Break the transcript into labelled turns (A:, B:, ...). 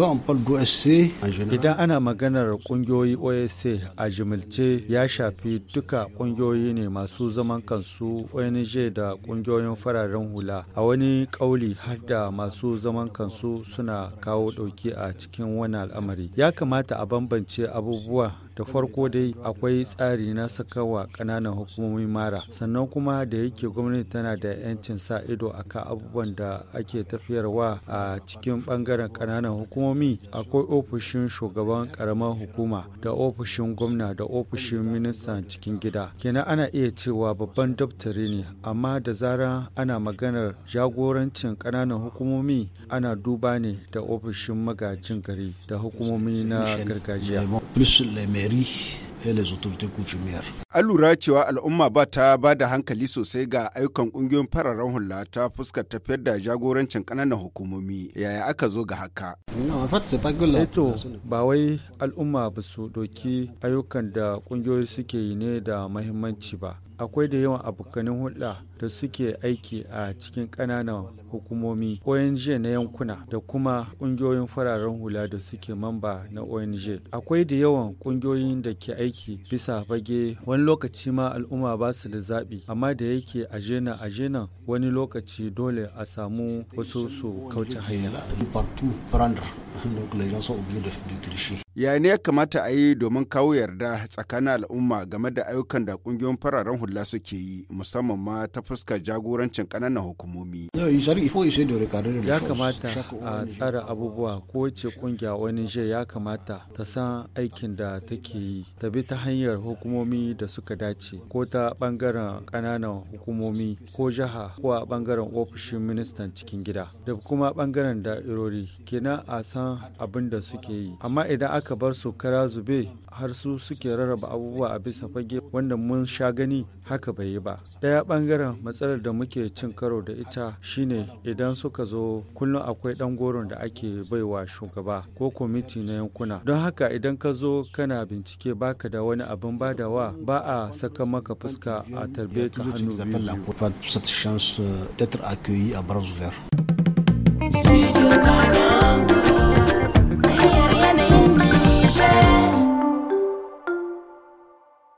A: Idan ana maganar kungiyoyi OSA a jimilce ya shafi duka kungiyoyi ne masu zaman kansu ONG da kungiyoyin fararen hula. A wani kauli har da masu zaman kansu suna kawo ɗauki a cikin wani al'amari. Ya kamata a bambance abubuwa da farko dai akwai tsari na sakawa ƙananan hukumomi mara sannan kuma da yake gwamnati tana da 'yancin sa ido a akan abubuwan da ake tafiyarwa a cikin ɓangaren ƙananan hukumomi akwai ofishin shugaban ƙaramar hukuma da ofishin gwamna da ofishin ministan cikin gida kenan ana iya cewa babban daftari ne amma da zarar ana maganar jagorancin ƙananan hukumomi ana duba ne da ofishin magajin gari da hukumomi na gargajiya gari eh,
B: An lura cewa al'umma ba ta ba da hankali sosai ga ayyukan ƙungiyoyin fararen hula ta fuskar tafiyar da jagorancin
A: kananan hukumomi yaya aka zo ga haka. Eto ba wai al'umma ba su doki ayyukan da kungiyoyi suke yi ne da mahimmanci ba akwai da yawan abokanin hulɗa da suke aiki a cikin ƙananan hukumomi ONG na yankuna da kuma ƙungiyoyin fararen hula da suke mamba na ONG. Akwai da yawan ƙungiyoyin da ke aiki bisa bage wani lokaci ma al'umma ba su da zaɓi amma da yake ajena ajena wani lokaci dole a samu wasu su kauce hanya.
B: ya ya kamata a yi domin kawo yarda tsakanin al'umma game da ayyukan da kungiyoyin fararen hula suke yi musamman ma ta fuska jagorancin kananan hukumomi
A: ya kamata a tsara abubuwa ko ce kungiya wani je ya kamata ta san aikin da take yi ta bi ta hanyar hukumomi da suka dace ko ta bangaren kananan hukumomi ko jiha ko a bangaren ofishin ministan cikin gida da kuma bangaren da'irori kenan a san san abin da suke yi amma idan aka bar su kara zube har su suke rarraba abubuwa a bisa fage wanda mun sha gani haka bai yi ba ɗaya bangaren matsalar da muke cin karo da ita shine idan suka zo kullum akwai ɗan goron da ake baiwa shugaba ko kwamiti na yankuna don haka idan ka zo kana bincike baka da wani abin badawa ba a saka maka fuska a tarbe ka hannu
B: biyu.